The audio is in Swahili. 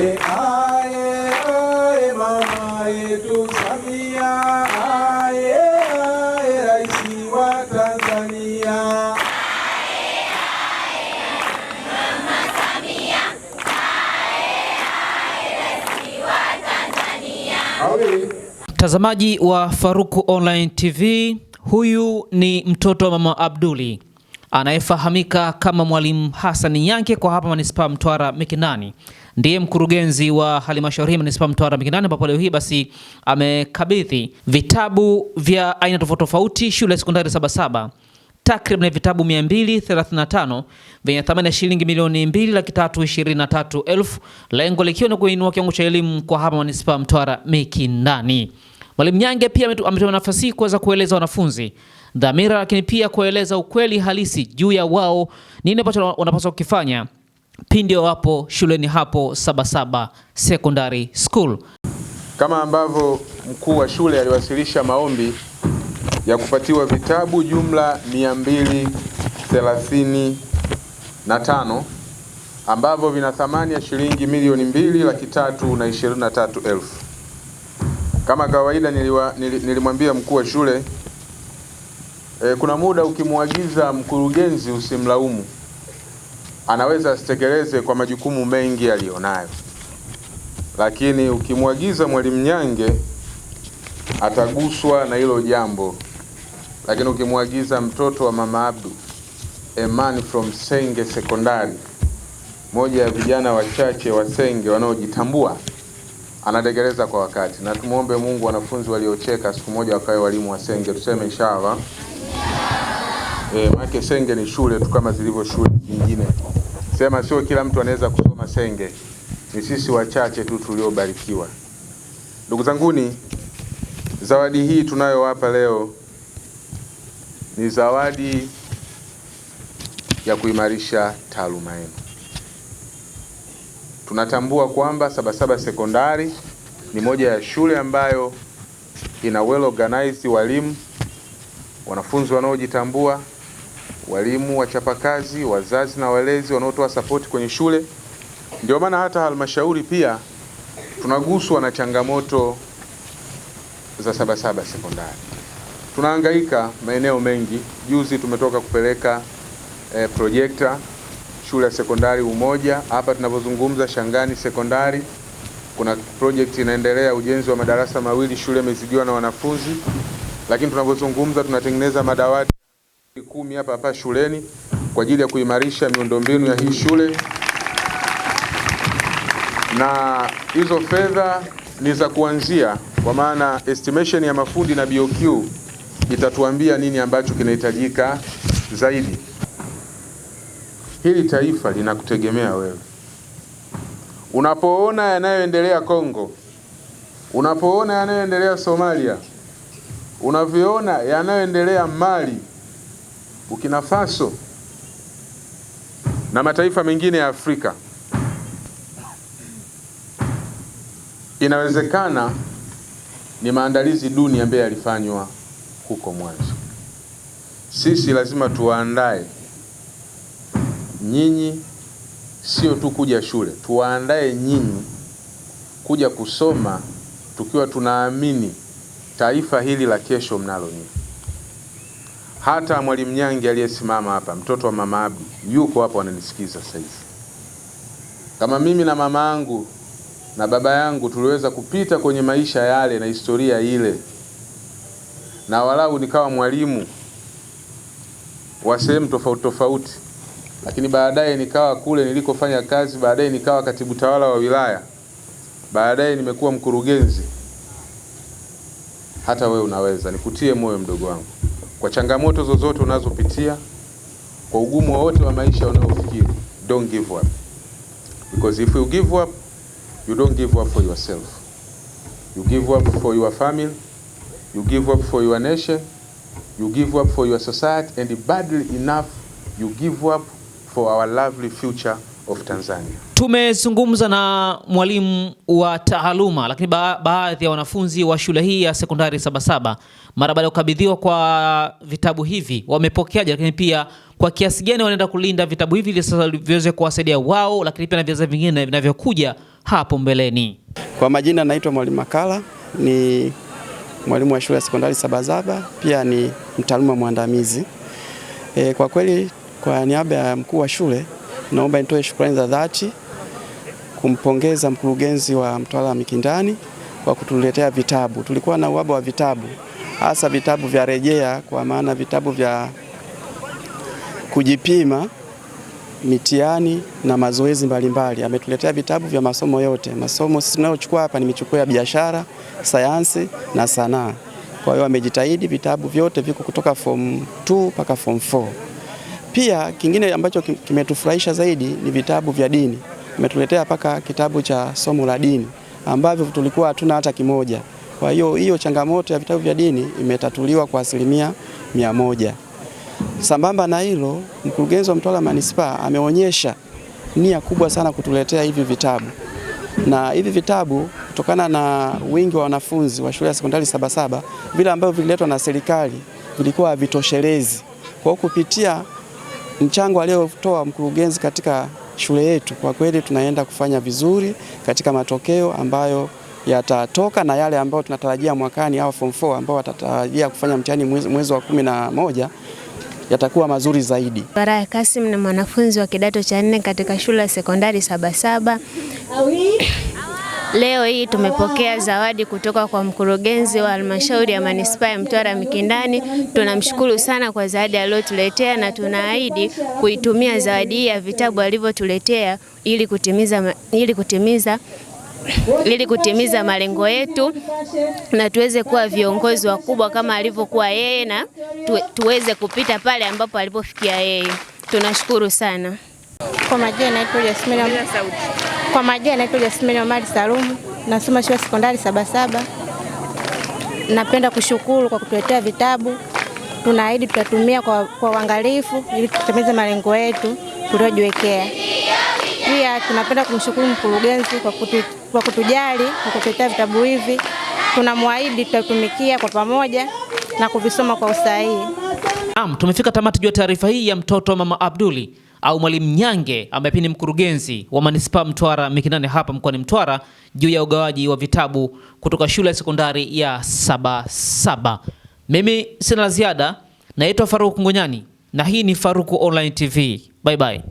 E wa Mtazamaji wa Faruku Online TV, huyu ni mtoto wa mama Abduli anayefahamika kama Mwalimu Hassan Nyange kwa hapa manispaa Mtwara Mikindani ndiye mkurugenzi wa halmashauri ya manispaa Mtwara Mikindani, ambapo leo hii basi amekabidhi vitabu vya aina tofauti tofauti shule ya sekondari Sabasaba takriban vitabu 235 vyenye thamani ya shilingi milioni 2 laki tatu ishirini na tatu elfu, lengo likiwa ni kuinua kiwango cha elimu kwa hapa manispaa Mtwara Mikindani. Mwalimu Nyange pia ametoa nafasi hii kuweza kueleza wanafunzi dhamira, lakini pia kueleza ukweli halisi juu ya wao nini ambacho wanapaswa kukifanya pindi wapo shuleni hapo Sabasaba Secondary School. Kama ambavyo mkuu wa shule aliwasilisha maombi ya kupatiwa vitabu jumla 235 ambavyo vina thamani ya shilingi milioni mbili laki tatu na ishirini na tatu elfu. Kama kawaida niliwa, nilimwambia mkuu wa shule e, kuna muda ukimwagiza mkurugenzi usimlaumu, anaweza asitekeleze kwa majukumu mengi aliyonayo, lakini ukimwagiza mwalimu Nyange ataguswa na hilo jambo, lakini ukimwagiza mtoto wa mama Abdu Eman from Senge Sekondari, moja ya vijana wachache wa Senge wanaojitambua anatekeleza kwa wakati, na tumwombe Mungu wanafunzi waliocheka siku moja wakawe walimu wa Senge, tuseme inshallah. E, eh, maana Senge ni shule tu kama zilivyo shule nyingine, sema sio kila mtu anaweza kusoma Senge, ni sisi wachache tu tuliobarikiwa. Ndugu zanguni, zawadi hii tunayowapa leo ni zawadi ya kuimarisha taaluma yenu tunatambua kwamba Sabasaba Sekondari ni moja ya shule ambayo ina well organized walimu, wanafunzi wanaojitambua, walimu wachapakazi, wazazi na walezi wanaotoa sapoti kwenye shule. Ndio maana hata halmashauri pia tunaguswa na changamoto za Sabasaba Sekondari, tunahangaika maeneo mengi. Juzi tumetoka kupeleka eh, projekta shule ya sekondari Umoja hapa tunapozungumza Shangani Sekondari, kuna project inaendelea ujenzi wa madarasa mawili, shule imezidiwa na wanafunzi, lakini tunapozungumza tunatengeneza madawati kumi hapa hapa shuleni kwa ajili ya kuimarisha miundombinu ya hii shule, na hizo fedha ni za kuanzia, kwa maana estimation ya mafundi na BOQ itatuambia nini ambacho kinahitajika zaidi hili taifa linakutegemea wewe. Unapoona yanayoendelea Kongo, unapoona yanayoendelea Somalia, unavyoona yanayoendelea Mali, Burkina Faso na mataifa mengine ya Afrika, inawezekana ni maandalizi duni ambayo yalifanywa huko mwanzo. Sisi lazima tuwaandae nyinyi sio tu kuja shule, tuwaandae nyinyi kuja kusoma tukiwa tunaamini taifa hili la kesho mnalo nyinyi. Hata mwalimu Nyange aliyesimama hapa, mtoto wa mama Abdi, yuko hapo ananisikiza sasa hivi. Kama mimi na mama yangu na baba yangu tuliweza kupita kwenye maisha yale na historia ile, na walau nikawa mwalimu wa sehemu tofauti tofauti lakini baadaye nikawa kule nilikofanya kazi, baadaye nikawa katibu tawala wa wilaya, baadaye nimekuwa mkurugenzi. Hata wewe unaweza. Nikutie moyo mdogo wangu, kwa changamoto zozote unazopitia, kwa ugumu wowote wa maisha unaofikiri, don't give up because if you give up you don't give up for yourself, you give up for your family, you give up for your nation, you give up for your society and badly enough you give up for our lovely future of Tanzania. Tumezungumza na mwalimu wa taaluma lakini ba baadhi ya wanafunzi wa shule hii ya sekondari Sabasaba mara baada ya kukabidhiwa kwa vitabu hivi wamepokeaje, lakini pia kwa kiasi gani wanaenda kulinda vitabu hivi ili sasa viweze kuwasaidia wao, lakini pia na vizazi vingine vinavyokuja hapo mbeleni. Kwa majina, naitwa Mwalimu Makala, ni mwalimu wa shule ya sekondari Sabasaba, pia ni mtaaluma mwandamizi. E, kwa kweli kwa niaba ya mkuu wa shule, naomba nitoe shukrani za dhati kumpongeza mkurugenzi wa Mtwara Mikindani kwa kutuletea vitabu. Tulikuwa na uhaba wa vitabu, hasa vitabu vya rejea, kwa maana vitabu vya kujipima mitihani na mazoezi mbalimbali. Ametuletea vitabu vya masomo yote. Masomo sisi tunayochukua hapa, ni michukuo ya biashara, sayansi na sanaa. Kwa hiyo amejitahidi, vitabu vyote viko kutoka form 2 mpaka form 4. Pia kingine ambacho kimetufurahisha zaidi ni vitabu vya dini, umetuletea mpaka kitabu cha somo la dini ambavyo tulikuwa hatuna hata kimoja. Kwa hiyo hiyo changamoto ya vitabu vya dini imetatuliwa kwa asilimia mia moja. Sambamba na hilo, mkurugenzi wa Mtwara Manispaa ameonyesha nia kubwa sana kutuletea hivi vitabu, na hivi vitabu kutokana na wingi wa wanafunzi wa shule ya sekondari Sabasaba, vile ambavyo vililetwa na serikali vilikuwa havitoshelezi kwa kupitia mchango aliyotoa mkurugenzi katika shule yetu, kwa kweli tunaenda kufanya vizuri katika matokeo ambayo yatatoka na yale ambayo tunatarajia mwakani, au form 4 ambao watatarajia kufanya mtihani mwezi wa kumi na moja yatakuwa mazuri zaidi. Baraya Kasim ni mwanafunzi wa kidato cha nne katika shule ya sekondari Sabasaba. Leo hii tumepokea zawadi kutoka kwa mkurugenzi wa halmashauri ya manispaa ya Mtwara Mikindani. Tunamshukuru sana kwa zawadi aliyotuletea na tunaahidi kuitumia zawadi hii ya vitabu alivyotuletea ili kutimiza, ili kutimiza ili kutimiza malengo yetu na tuweze kuwa viongozi wakubwa kama alivyokuwa yeye na tuweze kupita pale ambapo alipofikia yeye. Tunashukuru sana. Kwa majina naitwa Jasmine kwa majina naitwa Jasmine Omari Salumu, nasoma shule sekondari Sabasaba. Napenda kushukuru kwa kutuletea vitabu. Tunaahidi tutatumia kwa uangalifu ili tutimize malengo yetu tuliojiwekea. Pia tunapenda kumshukuru mkurugenzi kwa, kutu, kwa kutujali kwa kutuletea vitabu hivi. Tunamwahidi tutatumikia kwa pamoja na kuvisoma kwa usahihi. Naam, tumefika tamati juu ya taarifa hii ya mtoto mama Abduli au Mwalimu Nyange ambaye pia ni mkurugenzi wa manispaa Mtwara mikinane hapa mkoani Mtwara juu ya ugawaji wa vitabu kutoka shule ya sekondari ya Sabasaba. Mimi sina la ziada, naitwa Faruku Ngonyani na hii ni Faruku Online TV. Bye bye.